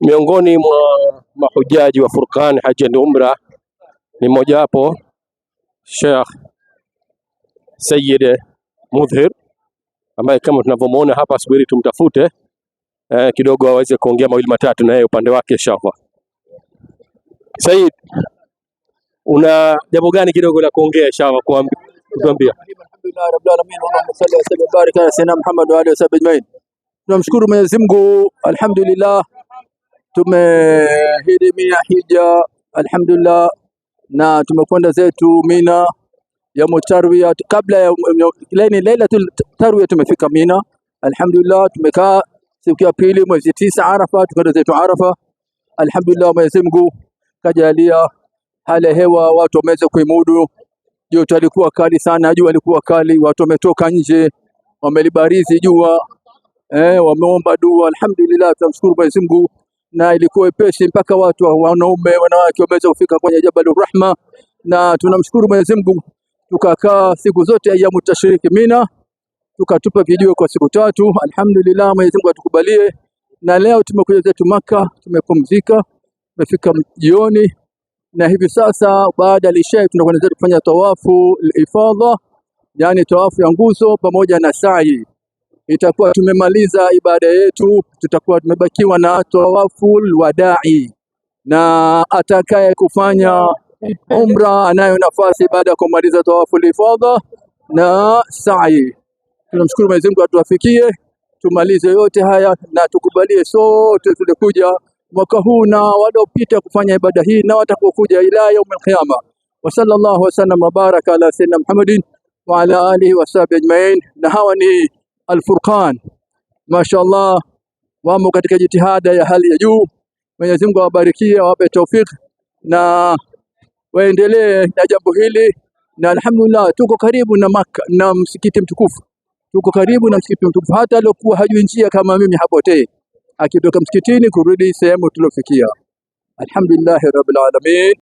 Miongoni mwa mahujaji wa Furqan Haji and Umra ni mmojawapo Sheikh Sayyid Mudhir ambaye kama tunavyomuona hapa, subiri tumtafute eh, kidogo aweze kuongea mawili matatu na yeye upande wake inshallah. Sayyid, una jambo gani kidogo la kuongea inshallah, kutuambia? Alhamdulillah rabbil alamin wa sallallahu wa sallam barik ala sayyidina Muhammad wa alihi wa sahbihi ajmain. Tunamshukuru Mwenyezi Mungu alhamdulillah Tumehirimia hija alhamdulillah, na tumekwenda zetu Mina ya tarwiya, kabla ya leni lailatul tarwiya tumefika Mina alhamdulillah. Tumekaa siku ya pili mwezi tisa Arafa, tukaenda zetu Arafa alhamdulillah. Mwenyezi Mungu kajalia hali ya hewa watu wameweza kuimudu. Joto alikuwa kali sana, jua alikuwa kali, watu wametoka nje, wamelibarizi jua eh, wameomba dua. Alhamdulillah, tunamshukuru Mwenyezi Mungu na ilikuwa wepesi mpaka watu wanaume wanawake wameweza kufika kwenye Jabal Rahma, na tunamshukuru Mwenyezi Mungu. Tukakaa siku zote ayamu tashiriki Mina, tukatupa video kwa siku tatu. Alhamdulillah, Mwenyezi Mungu atukubalie. Na leo tumekuja zetu Maka, tumepumzika, tumefika jioni, na hivi sasa baada ya lisha tunakwenda zetu kufanya tawafu ifadha, yani tawafu ya nguzo pamoja na sa'i itakuwa tumemaliza ibada yetu, tutakuwa tumebakiwa na tawaful wadai, na atakaye kufanya umra anayo nafasi baada ya kumaliza tawaful ifadha na sa'i. Tunamshukuru Mwenyezi Mungu atuwafikie tumalize yote haya na tukubalie sote tulikuja mwaka huu na waliopita kufanya ibada hii na watakokuja ila yaumil qiyama. Wa sallallahu wasallam baraka ala sayyidina Muhammadin wa ala alihi sahbihi ajmain. Na hawa ni Al-Furqan. Mashaallah, wamo katika jitihada ya hali ya juu. Mwenyezi Mungu awabarikie, awape taufiki na waendelee na jambo hili, na alhamdulillah, tuko karibu na Maka na msikiti mtukufu, tuko karibu na msikiti mtukufu. Hata aliokuwa hajui njia kama mimi hapotei, akitoka msikitini kurudi sehemu tuliofikia. Alhamdulillahi rabbil alamin.